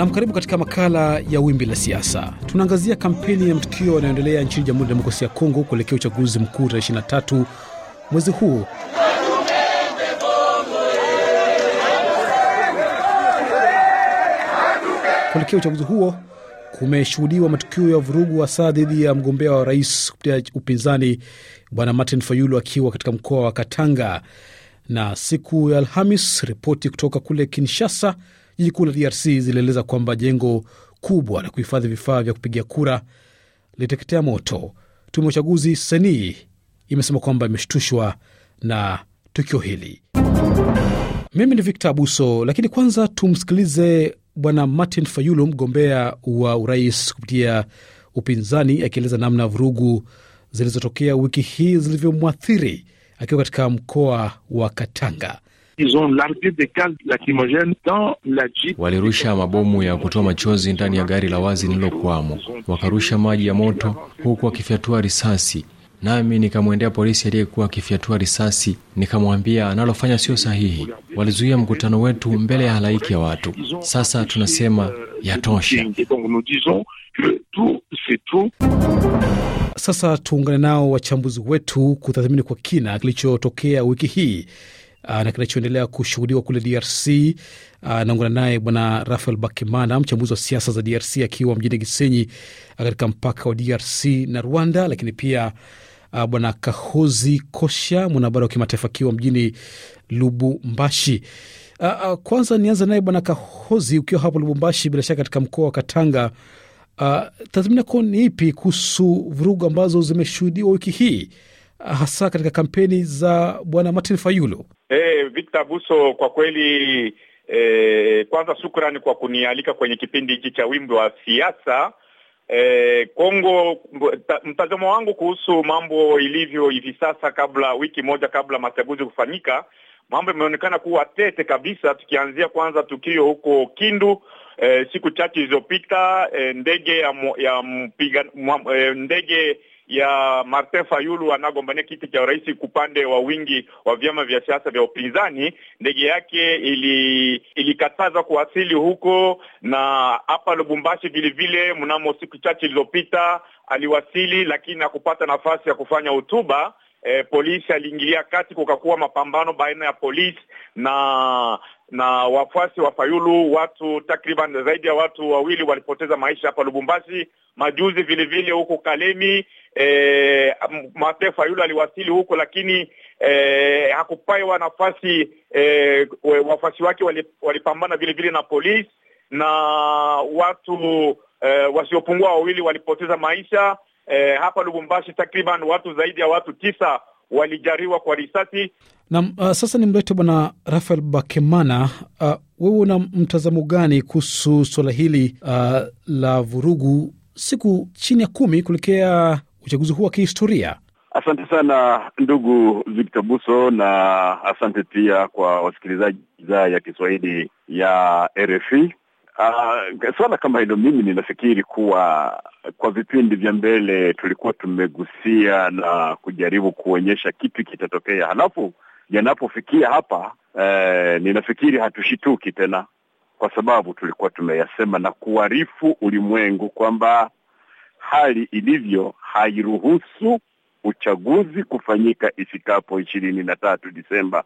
na mkaribu katika makala ya Wimbi la Siasa. Tunaangazia kampeni ya matukio yanayoendelea nchini Jamhuri ya Demokrasia ya Kongo kuelekea uchaguzi mkuu tarehe 23 mwezi huu. Kuelekea uchaguzi huo kumeshuhudiwa matukio ya vurugu, hasa dhidi ya mgombea wa rais kupitia upinzani Bwana Martin Fayulu akiwa katika mkoa wa Katanga. Na siku ya Alhamis, ripoti kutoka kule Kinshasa Jiji kuu la DRC zilieleza kwamba jengo kubwa la kuhifadhi vifaa vya kupiga kura liliteketea moto. Tume ya uchaguzi seni imesema kwamba imeshtushwa na tukio hili. Mimi ni Victor Abuso, lakini kwanza tumsikilize Bwana Martin Fayulu, mgombea wa urais kupitia upinzani, akieleza namna vurugu zilizotokea wiki hii zilivyomwathiri akiwa katika mkoa wa Katanga walirusha mabomu ya kutoa machozi ndani ya gari la wazi nililokwamo, wakarusha maji ya moto huku wakifyatua risasi. Nami nikamwendea polisi aliyekuwa akifyatua risasi, nikamwambia analofanya sio sahihi. Walizuia mkutano wetu mbele ya halaiki ya watu. Sasa tunasema yatosha. Sasa tuungane nao wachambuzi wetu kutathmini kwa kina kilichotokea wiki hii uh, na kinachoendelea kushuhudiwa kule DRC. Uh, ah, naungana naye Bwana Rafael Bakimana, mchambuzi wa siasa za DRC akiwa mjini Gisenyi ah, katika mpaka wa DRC na Rwanda, lakini pia uh, Bwana Kahozi Kosha, mwanahabari wa kimataifa akiwa mjini Lubumbashi. Uh, uh, kwanza nianza naye Bwana Kahozi, ukiwa hapo Lubumbashi, bila shaka katika mkoa wa Katanga. Uh, tathmini yako ni ipi kuhusu vurugu ambazo zimeshuhudiwa wiki hii hasa katika kampeni za bwana Martin Fayulu? Hey, eh, Victor Buso, kwa kweli eh, kwanza shukrani kwa kunialika kwenye kipindi hiki cha wimbi wa siasa eh, Kongo. Mtazamo wangu kuhusu mambo ilivyo hivi sasa, kabla wiki moja kabla machaguzi kufanyika, mambo imeonekana kuwa tete kabisa, tukianzia kwanza tukio huko Kindu eh, siku chache zilizopita eh, ndege ya, ya mpiga, eh, ndege ya Martin Fayulu anagombania kiti cha urais kupande wa wingi wa vyama vya siasa vya upinzani, ndege yake ili ilikataza kuwasili huko na hapa Lubumbashi vile vile. Mnamo siku chache zilizopita aliwasili, lakini hakupata nafasi ya kufanya hotuba. E, polisi aliingilia kati, kukakuwa mapambano baina ya polisi na na wafuasi wa Fayulu, watu takriban zaidi ya watu wawili walipoteza maisha hapa Lubumbashi majuzi, vilevile huko Kalemi. E, Mate Fayulu aliwasili huko lakini e, hakupaiwa nafasi e, wafuasi wake walipambana vilevile na polisi na watu e, wasiopungua wawili walipoteza maisha. E, hapa Lubumbashi takriban watu zaidi ya watu tisa walijariwa kwa risasi. Naam, uh, sasa nimlete Bwana Rafael Bakemana. Uh, wewe una mtazamo gani kuhusu suala hili uh, la vurugu siku chini ya kumi kuelekea uchaguzi huu wa kihistoria? Asante sana ndugu Victor Buso, na asante pia kwa wasikilizaji idhaa ya Kiswahili ya RFI. Uh, swala kama hilo mimi ninafikiri kuwa kwa vipindi vya mbele tulikuwa tumegusia na kujaribu kuonyesha kipi kitatokea, halafu yanapofikia hapa eh, ninafikiri hatushituki tena, kwa sababu tulikuwa tumeyasema na kuarifu ulimwengu kwamba hali ilivyo hairuhusu uchaguzi kufanyika ifikapo ishirini na tatu Disemba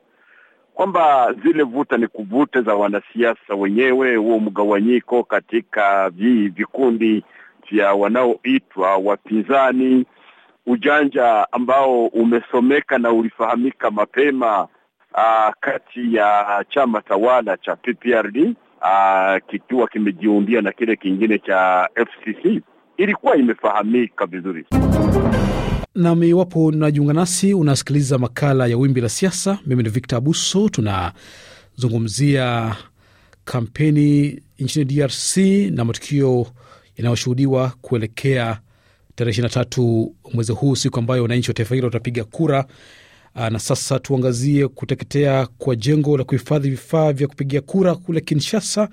kwamba zile vuta ni kuvute za wanasiasa wenyewe, huo mgawanyiko katika vii vikundi vya wanaoitwa wapinzani, ujanja ambao umesomeka na ulifahamika mapema aa, ah, kati ya chama tawala cha PPRD ah, kikiwa kimejiundia na kile kingine cha FCC ilikuwa imefahamika vizuri. Nam, iwapo unajiunga nasi, unasikiliza makala ya Wimbi la Siasa. Mimi ni Victor Abuso. Tunazungumzia kampeni nchini DRC na matukio yanayoshuhudiwa kuelekea tarehe 23 mwezi huu, siku ambayo wananchi wa taifa hilo watapiga kura. Ah, na sasa tuangazie kuteketea kwa jengo la kuhifadhi vifaa vya kupigia kura kule Kinshasa,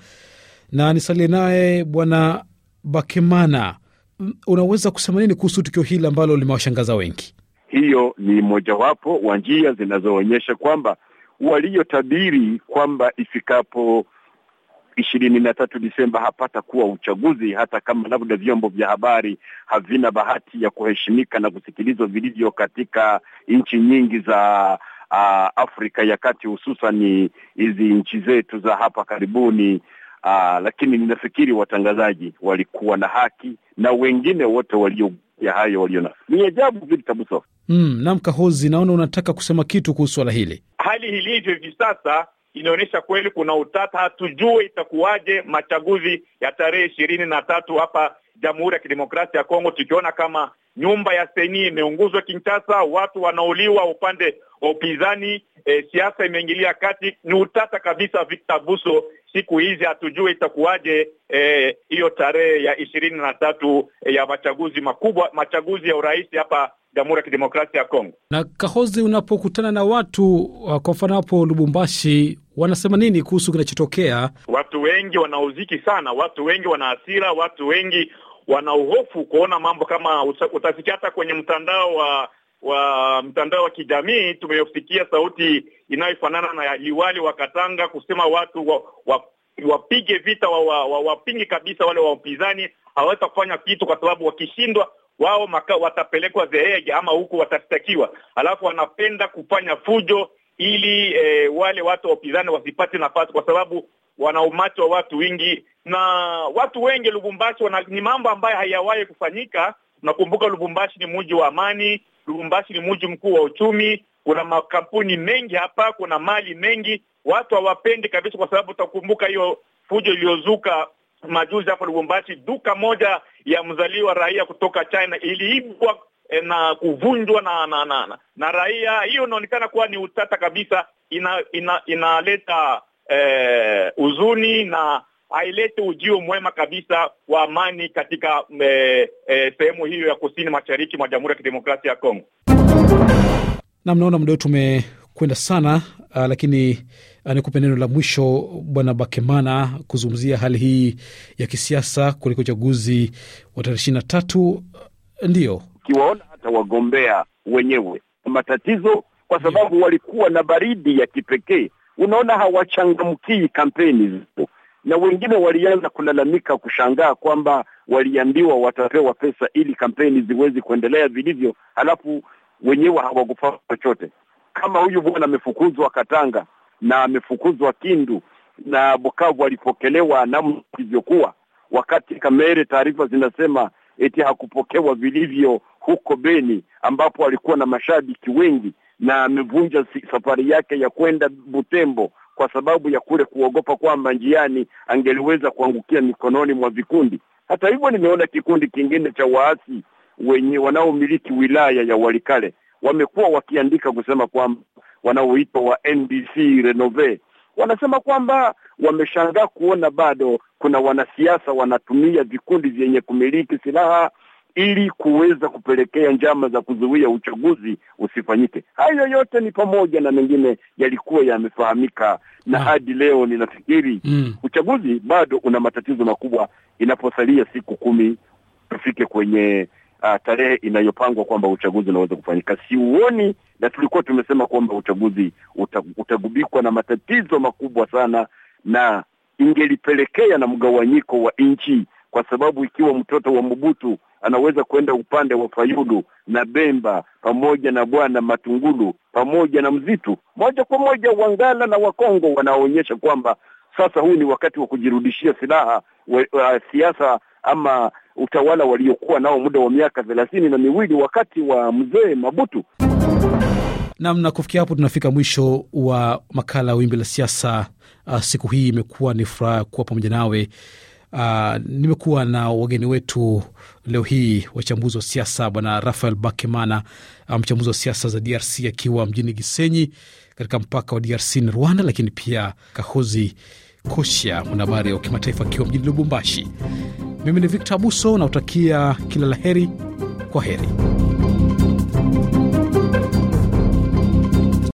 na nisalie naye Bwana Bakemana Mm, unaweza kusema nini kuhusu tukio hili ambalo limewashangaza wengi? Hiyo ni mojawapo wa njia zinazoonyesha kwamba waliotabiri kwamba ifikapo ishirini na tatu Disemba hapata kuwa uchaguzi, hata kama labda vyombo vya habari havina bahati ya kuheshimika na kusikilizwa vilivyo katika nchi nyingi za uh, Afrika ya Kati, hususan hizi nchi zetu za hapa karibuni Aa, ah, lakini ninafikiri watangazaji walikuwa na haki na wengine wote walio ya hayo waliona ni ajabu vile kabisa. Mm, na Kahozi, naona unataka kusema kitu kuhusu swala hili. Hali ilivyo hivi sasa inaonyesha kweli kuna utata, hatujue itakuwaje machaguzi ya tarehe ishirini na tatu hapa Jamhuri ya Kidemokrasia ya Kongo, tukiona kama nyumba ya Seni imeunguzwa Kinshasa, watu wanauliwa upande wa upinzani e, siasa imeingilia kati. Ni utata kabisa, Victor Buso. Siku hizi hatujue itakuwaje eh, hiyo e, tarehe ya ishirini na tatu e, ya machaguzi makubwa, machaguzi ya urais hapa Jamhuri ya Kidemokrasia ya Kongo. Na Kahozi, unapokutana na watu ah, kwa mfano hapo Lubumbashi, wanasema nini kuhusu kinachotokea? Watu wengi wanauziki sana, watu wengi wana hasira, watu wengi wanauhofu kuona mambo kama utasikia hata kwenye mtandao wa wa mtandao wa kijamii tumeyofikia sauti inayofanana na liwali wa Katanga kusema watu wa, wa, wapige vita wapingi wa, wa kabisa wale wapinzani hawaweza kufanya kitu kwa sababu wakishindwa wao watapelekwa zehege ama huku watashtakiwa. Alafu wanapenda kufanya fujo ili e, wale watu upinzani wasipate nafasi, kwa sababu wana umati wa watu wingi na watu wengi Lubumbashi wana, ni mambo ambayo hayawahi kufanyika. Nakumbuka Lubumbashi ni mji wa amani, Lubumbashi ni mji mkuu wa uchumi, kuna makampuni mengi hapa, kuna mali mengi. Watu hawapendi kabisa, kwa sababu utakumbuka hiyo fujo iliyozuka majuzi hapo Lubumbashi, duka moja ya mzaliwa raia kutoka China iliibwa eh, na kuvunjwa na na, na na na raia. Hiyo inaonekana kuwa ni utata kabisa, inaleta ina, ina Eh, huzuni eh, na hailete ujio mwema kabisa wa amani katika eh, eh, sehemu hiyo ya kusini mashariki mwa Jamhuri ya Kidemokrasia ya Kongo. Na mnaona muda wetu umekwenda sana, uh, lakini uh, nikupe neno la mwisho Bwana Bakemana kuzungumzia hali hii ya kisiasa kuliko uchaguzi wa tarehe ishirini na tatu. Ah, Ndiyo ukiwaona hata wagombea wenyewe matatizo, kwa sababu yeah, walikuwa na baridi ya kipekee unaona hawachangamkii kampeni zipo na wengine walianza kulalamika, kushangaa kwamba waliambiwa watapewa pesa ili kampeni ziwezi kuendelea vilivyo, halafu wenyewe hawakufaa chochote. Kama huyu bwana amefukuzwa Katanga na amefukuzwa Kindu na Bukavu, alipokelewa namna ilivyokuwa, wakati Kamere taarifa zinasema eti hakupokewa vilivyo huko Beni ambapo alikuwa na mashabiki wengi na amevunja safari yake ya kwenda Butembo kwa sababu ya kule kuogopa kwamba njiani angeliweza kuangukia mikononi mwa vikundi. Hata hivyo, nimeona kikundi kingine cha waasi wenye wanaomiliki wilaya ya Walikale wamekuwa wakiandika kusema kwamba wanaoitwa wa NDC Renove wanasema kwamba wameshangaa kuona bado kuna wanasiasa wanatumia vikundi vyenye kumiliki silaha ili kuweza kupelekea njama za kuzuia uchaguzi usifanyike. Hayo yote ni pamoja na mengine yalikuwa yamefahamika na ah, hadi leo ninafikiri mm, uchaguzi bado una matatizo makubwa inaposalia siku kumi tufike kwenye uh, tarehe inayopangwa kwamba uchaguzi unaweza kufanyika. Siuoni, na tulikuwa tumesema kwamba uchaguzi utagubikwa na matatizo makubwa sana, na ingelipelekea na mgawanyiko wa nchi kwa sababu ikiwa mtoto wa mubutu anaweza kwenda upande wa Fayulu na Bemba pamoja na bwana Matungulu pamoja na Mzitu, moja kwa moja Wangala na Wakongo wanaonyesha kwamba sasa huu ni wakati wa kujirudishia silaha wa, wa, siasa ama utawala waliokuwa nao muda wa miaka thelathini na miwili wakati wa mzee Mabutu. Nam, na kufikia hapo tunafika mwisho wa makala ya Wimbi la Siasa. Uh, siku hii imekuwa ni furaha kuwa pamoja nawe. Uh, nimekuwa na wageni wetu leo hii wachambuzi wa siasa, Bwana Rafael Bakemana, ah, mchambuzi um, wa siasa za DRC akiwa mjini Gisenyi katika mpaka wa DRC na Rwanda, lakini pia Kahozi Kosha, mwanahabari wa kimataifa akiwa mjini Lubumbashi. Mimi ni Victor Abuso, nautakia kila la heri. Kwa heri.